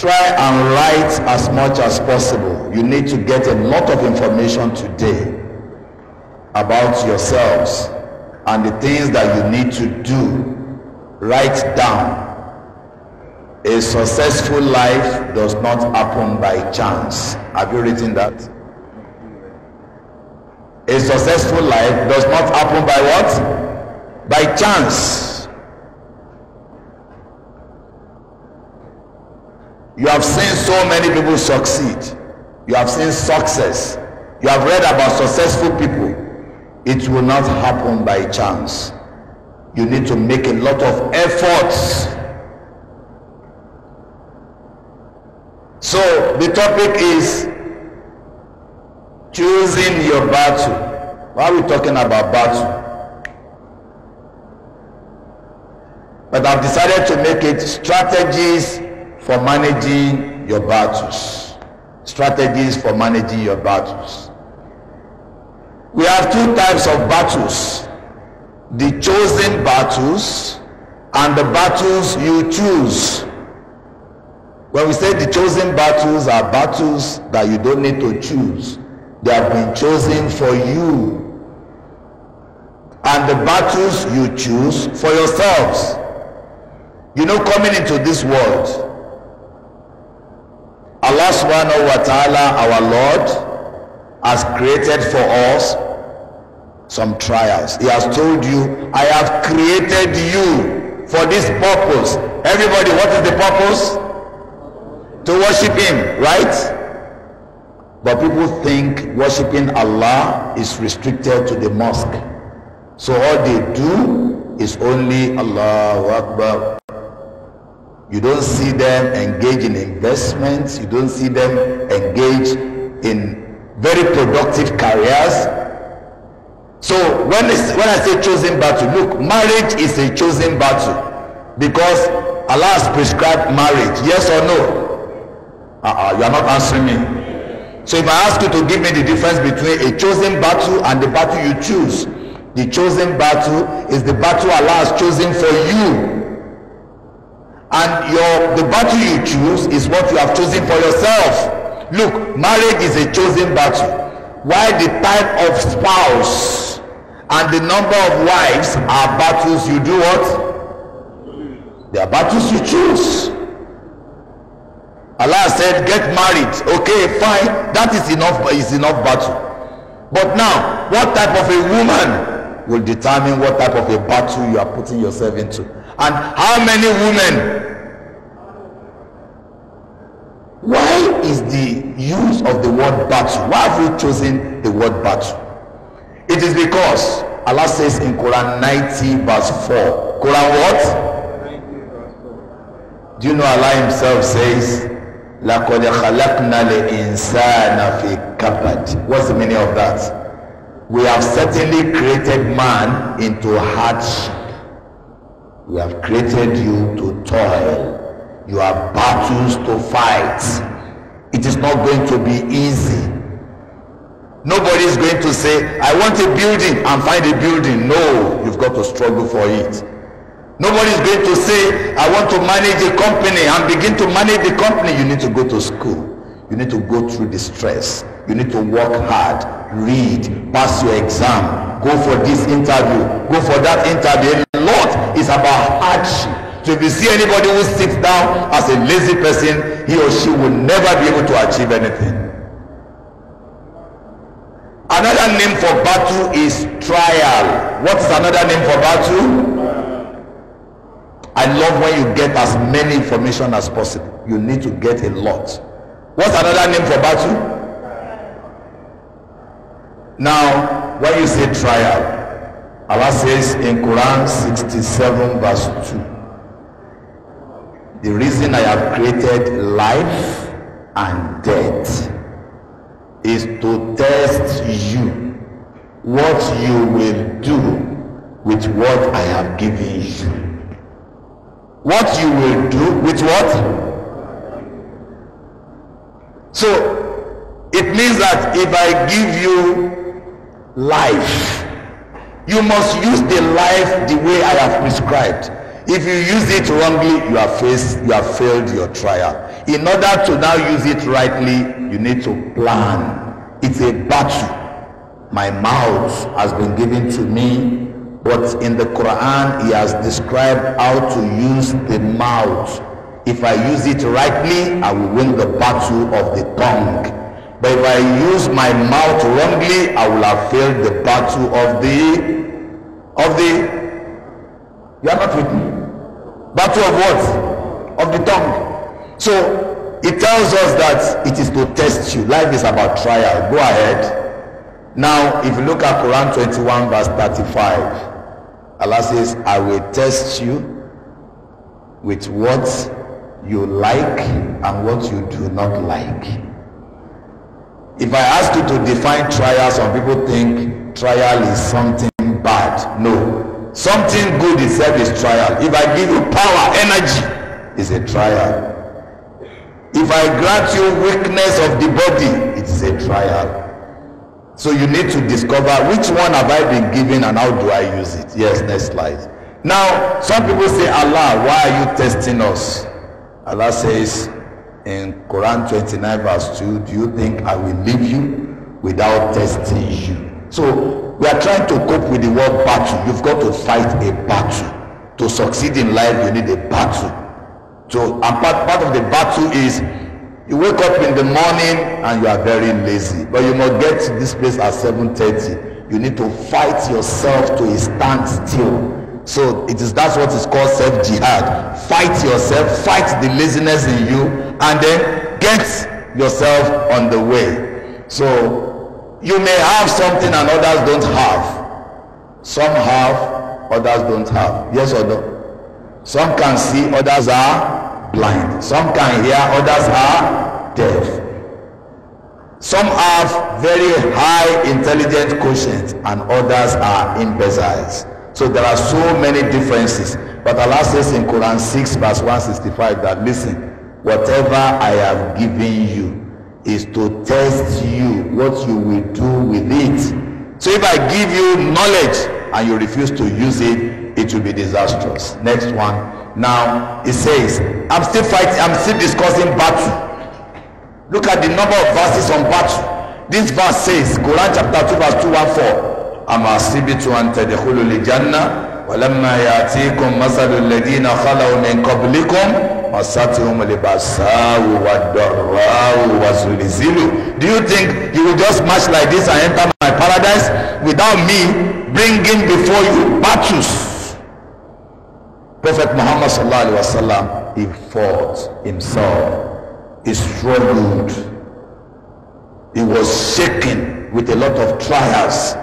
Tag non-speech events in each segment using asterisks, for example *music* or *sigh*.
try and write as much as possible. You need to get a lot of information today about yourselves and the things that you need to do. Write down. A successful life does not happen by chance. Have you written that? A successful life does not happen by what? By chance. You have seen so many people succeed. You have seen success. You have read about successful people. It will not happen by chance. You need to make a lot of efforts. So the topic is choosing your battle. Why are we talking about battle? But I've decided to make it strategies for managing your battles. Strategies for managing your battles. We have two types of battles the chosen battles and the battles you choose. When we say the chosen battles are battles that you don't need to choose, they have been chosen for you. And the battles you choose for yourselves. You know, coming into this world, Allah subhanahu wa ta'ala, our Lord, has created for us some trials. He has told you, I have created you for this purpose. Everybody, what is the purpose? To worship Him, right? But people think worshiping Allah is restricted to the mosque. So all they do is only Allahu Akbar. You don't see them engage in investments. You don't see them engage in very productive careers. So when, when I say chosen battle, look, marriage is a chosen battle because Allah has prescribed marriage. Yes or no? Uh-uh, you are not answering me. So if I ask you to give me the difference between a chosen battle and the battle you choose, the chosen battle is the battle Allah has chosen for you and your the battle you choose is what you have chosen for yourself look marriage is a chosen battle while the type of spouse and the number of wives are battles you do what they are battles you choose Allah said get married okay fine that is enough is enough battle but now what type of a woman will determine what type of a battle you are putting yourself into And how many women? Why is the use of the word battle? Why have we chosen the word battle? It is because Allah says in Quran 90 verse 4. Quran what? Do you know Allah himself says, لَقَدْ خَلَقْنَا الْإِنسَانَ فِي kabad." What's the meaning of that? We have certainly created man into hardship. We have created you to toil. You have battles to fight. It is not going to be easy. Nobody is going to say, I want a building and find a building. No, you've got to struggle for it. Nobody is going to say, I want to manage a company and begin to manage the company. You need to go to school. You need to go through the stress. You need to work hard, read, pass your exam, go for this interview, go for that interview. About musabahat If you see anybody who sits down as a lazy person he or she will never be able to achieve anything another name for battle is trial what's another name for battle i love when you get as many information as possible you need to get a lot what's another name for battle now when you say trial Allah says in Quran 67 verse 2, the reason I have created life and death is to test you what you will do with what I have given you. What you will do with what? So, it means that if I give you life, You must use the life the way I have prescribed. If you use it wrongly, you have faced, you have failed your trial. In order to now use it rightly, you need to plan. It's a battle. My mouth has been given to me, but in the Quran, he has described how to use the mouth. If I use it rightly, I will win the battle of the tongue. But if I use my mouth wrongly, I will have failed the part of the of the you are not with me part of what of the tongue so it tells us that it is to test you life is about trial go ahead now if you look at quran twenty-one verse thirty-five allah says i will test you with what you like and what you do not like if i ask you to define trial some people think trial is something bad. No. Something good itself is trial. If I give you power, energy is a trial. If I grant you weakness of the body, it is a trial. So you need to discover which one have I been given and how do I use it. Yes, next slide. Now, some people say, Allah, why are you testing us? Allah says in Quran 29 verse 2, do you think I will leave you without testing you? So we are trying to cope with the world battle. You've got to fight a battle. To succeed in life, you need a battle. So and part, part of the battle is you wake up in the morning and you are very lazy. But you must get to this place at seven thirty. You need to fight yourself to a standstill. So it is that's what is called self-jihad. Fight yourself, fight the laziness in you, and then get yourself on the way. So You may have something and others don't have. Some have, others don't have. Yes or no? Some can see, others are blind. Some can hear, others are deaf. Some have very high intelligent quotient and others are imbeciles. So there are so many differences. But Allah says in Quran 6 verse 165 that listen, whatever I have given you, is to test you what you will do with it. So if I give you knowledge and you refuse to use it, it will be disastrous. Next one. Now it says, I'm still fighting, I'm still discussing battle. Look at the number of verses on battle. This verse says, Quran chapter two, verse 214. أما حسبت أن تدخلوا الجنة ولما يأتيكم مثل الذين خلوا من قبلكم masatihum libasawu wa dọ̀rọ̀wù wa zulizilu do you think you will just march like this and enter my paradise without me bringing before you battles prophet muhammad sallallahu alaihi wasallam he fought himself he struggled he was shaken with a lot of trials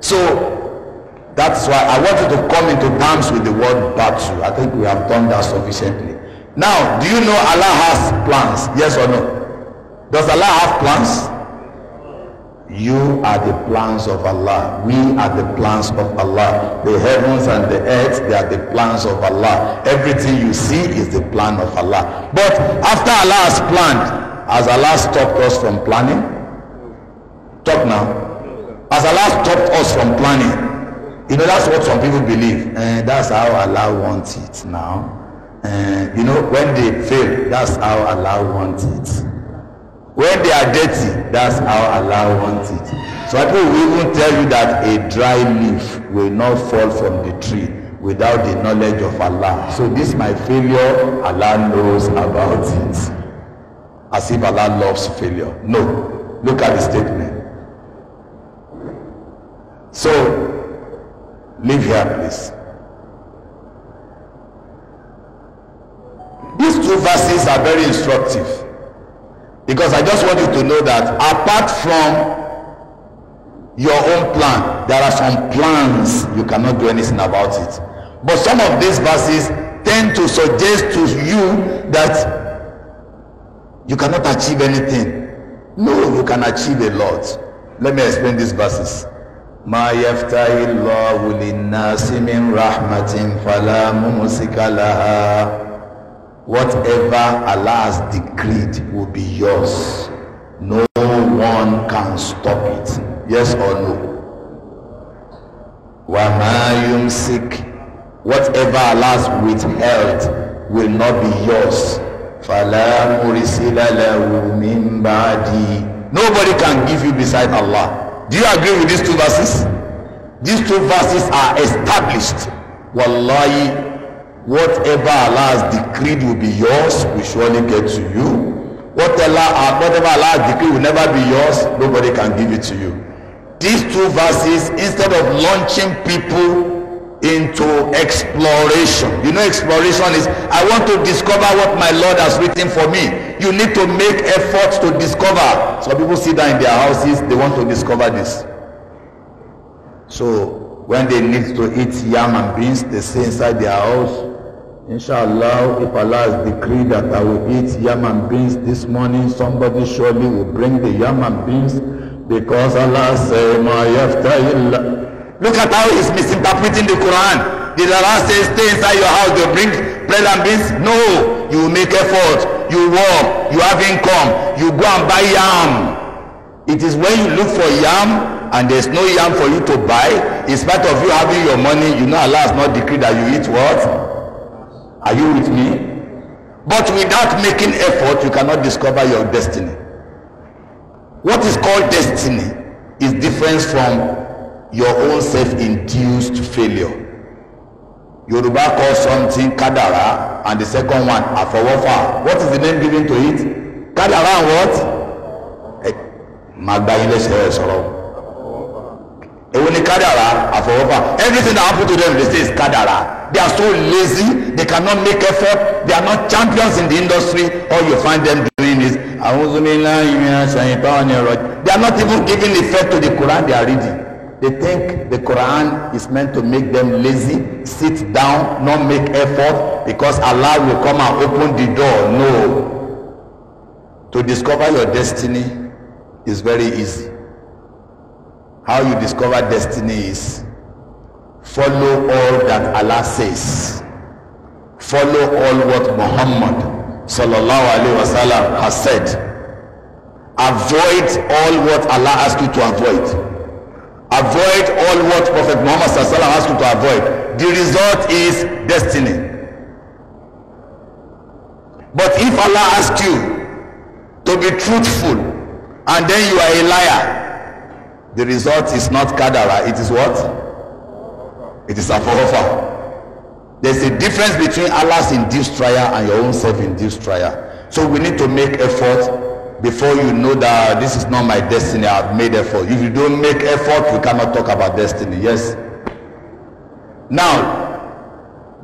so that's why I want you to come into terms with the word battle. I think we have done that sufficiently. Now, do you know Allah has plans? Yes or no? Does Allah have plans? You are the plans of Allah. We are the plans of Allah. The heavens and the earth, they are the plans of Allah. Everything you see is the plan of Allah. But after Allah has planned, has Allah stopped us from planning? Talk now. Has Allah stopped us from planning? You know, that's what some people believe. And eh, that's how Allah wants it now. Uh, you know, when they fail, that's how Allah wants it. When they are dirty, that's how Allah wants it. So I will even tell you that a dry leaf will not fall from the tree without the knowledge of Allah. So this my failure, Allah knows about it. As if Allah loves failure. No. Look at the statement. So, leave here, please. These two verses are very instructive because I just want you to know that apart from your own plan, there are some plans you cannot do anything about it. But some of these verses tend to suggest to you that you cannot achieve anything. No, you can achieve a lot. Let me explain these verses. Ma يفتح الله للناس من رحمة فلا ممسك لها whatever Allah has decreed will be yours no one can stop it yes or no wàmà yumsik whatever Allah has withheld will not be yours fàlà mùrìsílẹ̀lẹ̀ min ba'di. nobody can give you beside Allah do you agree with these two verses these two verses are established wallahi whatever Allah has decreed will be yours will surely get to you whatever Allah, whatever has decreed will never be yours nobody can give it to you these two verses instead of launching people into exploration you know exploration is I want to discover what my Lord has written for me you need to make effort to discover some people sit down in their houses they want to discover this so when they need to eat yam and beans they stay inside their house Inshallah, if Allah has decree that I will eat yam and beans this morning, somebody surely will bring the yam and beans because Allah say, Ma Look at how he is misinterpreting the Quran. The Allah says stay inside your house, they bring bread and beans? No, you make effort, you work, you have income, you go and buy yam. It is when you look for yam and there's no yam for you to buy, in spite of you having your money, you know Allah has not decreed that you eat what? Are you with me? But without making effort, you cannot discover your destiny. What is called destiny is different from your own self-induced failure. Yoruba calls something kadara and the second one afowofa. What is the name given to it? Kadara and what? Magbayilese sọ̀rọ̀ èwo ni kádàrà àfọwọ́fà everything that happen to them they say is Kadara. they are so lazy they cannot make effort they are not champions in the industry all you find them doing is awuzumilayi minasayitani roj they are not even giving effect to the Quran they are reading they think the Quran is meant to make them lazy sit down not make effort because Allah will come and open the door no to discover your destiny is very easy how you discover destiny is follow all that Allah says follow all what Muhammad sallallahu alaihi wasallam has said avoid all what Allah asked you to avoid avoid all what Prophet Muhammad sallallahu alaihi wasallam asked you to avoid the result is destiny but if Allah asks you to be truthful and then you are a liar the result is not kadara it is what it is afarofa there is a difference between Allah's in induced trial and your own self-induced trial so we need to make effort before you know that this is not my destiny I have made effort if you don't make effort we cannot talk about destiny yes now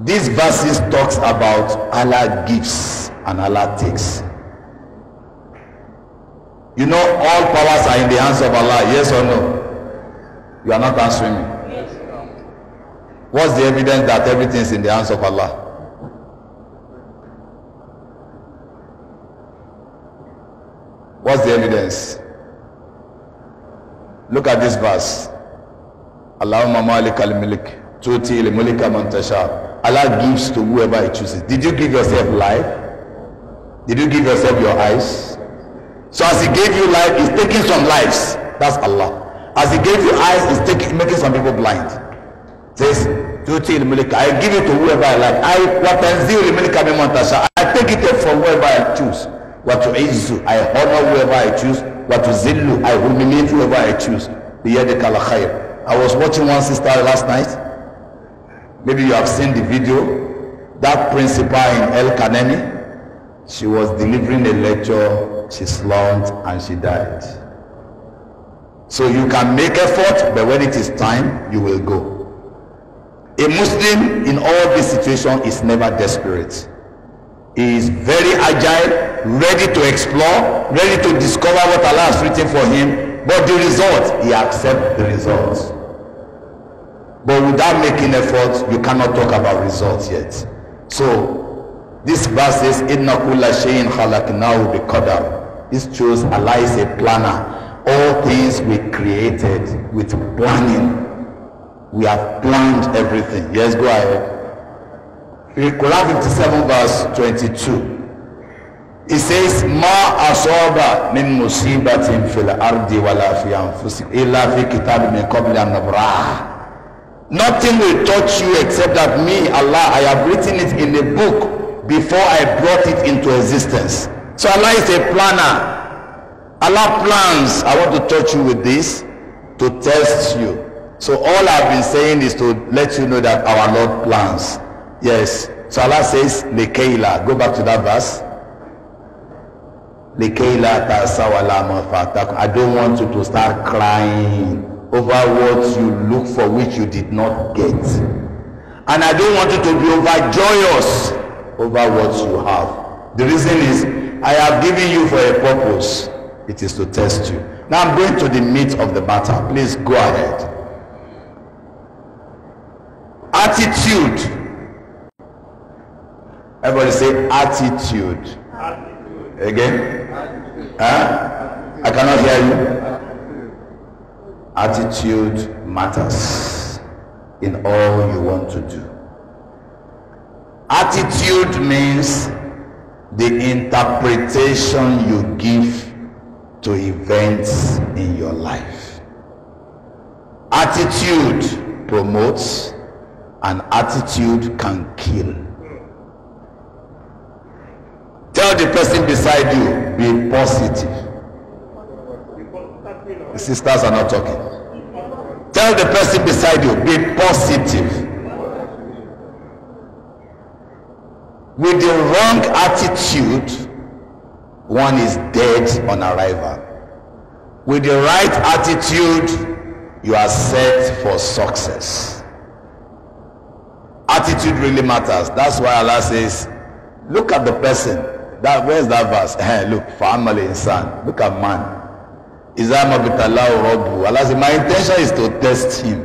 these verses talks about Allah gives and Allah takes You know all powers are in the hands of Allah, yes or no? You are not answering me. Yes. What's the evidence that everything is in the hands of Allah? What's the evidence? Look at this verse. Allahumma malik al-milik tuti al-mulika man Allah gives to whoever he chooses. Did you give yourself life? Did you give yourself your eyes? So as he gave you life, he's taking some lives. That's Allah. As he gave you eyes, he's taking, making some people blind. Says, duty in Milik? I give it to whoever I like. I watanziu in Milika I take it from whoever I choose. Watuizu, I honor whoever I choose. Watuzillu, I humiliate whoever I choose. Biyadikala khair. I was watching one sister last night. Maybe you have seen the video. That principal in El Kanemi, she was delivering a lecture she slumped and she died. So you can make effort, but when it is time, you will go. A Muslim in all this situation is never desperate. He is very agile, ready to explore, ready to discover what Allah has written for him, but the result, he accepts the result. But without making effort, you cannot talk about results yet. So, this verse says, إِنَّ كُلَّ شَيْءٍ خَلَقْنَاهُ بِقَدَرٍ This shows Allah is a planner. All things were created with planning. We have planned everything. Yes, go ahead. In Quran 57 verse 22. It says, Ma asoba min musibatin fil ardi wala fi anfusikum illa fi kitab min qabli an Nothing will touch you except that me, Allah, I have written it in a book before I brought it into existence. So Allah is a planner. Allah plans. I want to touch you with this to test you. So all I've been saying is to let you know that our Lord plans. Yes. So Allah says, Lekaila. Go back to that verse. Lekaila tasawala mafatakum. I don't want you to start crying over what you look for which you did not get. And I don't want you to be overjoyous over what you have. The reason is I have given you for a purpose. It is to test you. Now I'm going to the meat of the matter. Please go ahead. Attitude. Everybody say attitude. attitude. Again? Attitude. Huh? I cannot hear you. Attitude matters in all you want to do. Attitude means the interpretation you give to events in your life. Attitude promotes, and attitude can kill. Tell the person beside you, be positive. The sisters are not talking. Tell the person beside you, be positive. with the wrong attitude one is dead on arrival with the right attitude you are set for success attitude really matters that's why Allah says look at the person that where's that verse hey, *laughs* eh, look family and son. look at man Allah says my intention is to test him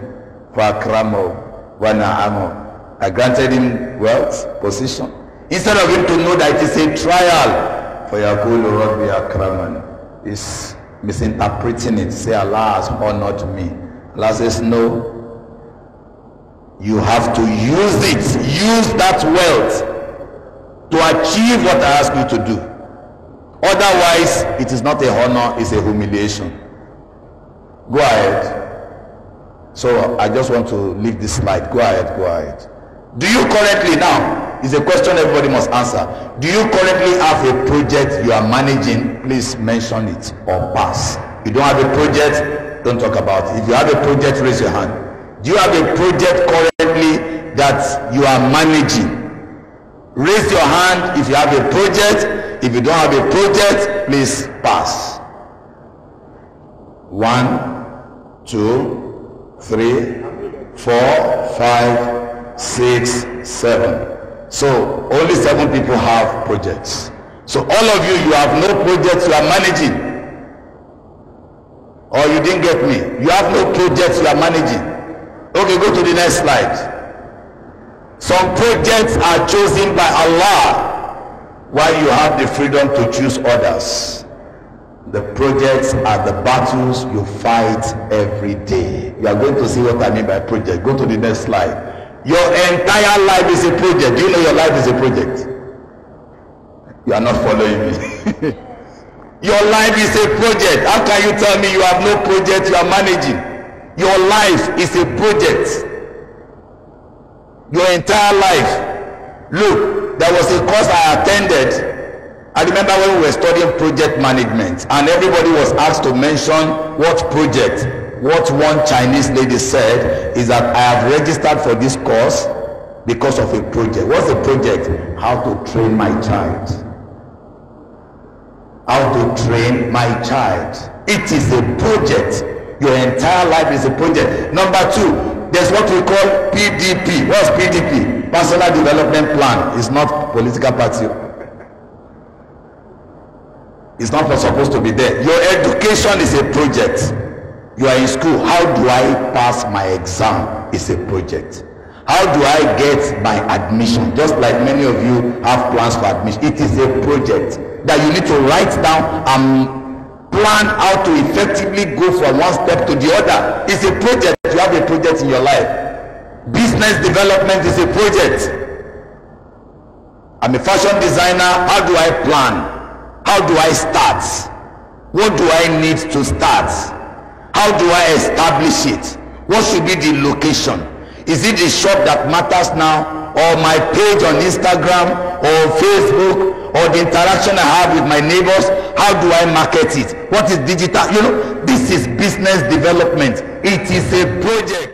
for akramo wa na'amo I granted him wealth position Instead of him to know that it is a trial, for Yakulu Rabbi Akraman is misinterpreting it. Say Allah has honored me. Allah says, No. You have to use it. Use that wealth to achieve what I ask you to do. Otherwise, it is not a honor, is a humiliation. Go ahead. So I just want to leave this slide. Go ahead, go ahead. Do you correctly now? It's a question everybody must answer. Do you currently have a project you are managing? Please mention it or pass. You don't have a project, don't talk about it. If you have a project, raise your hand. Do you have a project currently that you are managing? Raise your hand if you have a project. If you don't have a project, please pass. One, two, three, four, five, six, seven. So only seven people have projects. So all of you, you have no projects you are managing. Or you didn't get me. You have no projects you are managing. Okay, go to the next slide. Some projects are chosen by Allah while you have the freedom to choose others. The projects are the battles you fight every day. You are going to see what I mean by project. Go to the next slide. Your entire life is a project. Do you know your life is a project? You are not following me. *laughs* Your life is a project. How can you tell me you have no project you are managing? Your life is a project. Your entire life. Look, there was a course I attended. I remember when we were studying project management and everybody was asked to mention what project what one Chinese lady said is that I have registered for this course because of a project. What's the project? How to train my child. How to train my child. It is a project. Your entire life is a project. Number two, there's what we call PDP. What's PDP? Personal Development Plan. It's not political party. It's not supposed to be there. Your education is a project. You are in school. How do I pass my exam? It's a project. How do I get my admission? Just like many of you have plans for admission. It is a project that you need to write down and plan how to effectively go from one step to the other. It's a project. You have a project in your life. Business development is a project. I'm a fashion designer. How do I plan? How do I start? What do I need to start? How do I establish it? What should be the location? Is it the shop that matters now? Or my page on Instagram or Facebook or the interaction I have with my neighbors? How do I market it? What is digital? You know, this is business development. It is a project.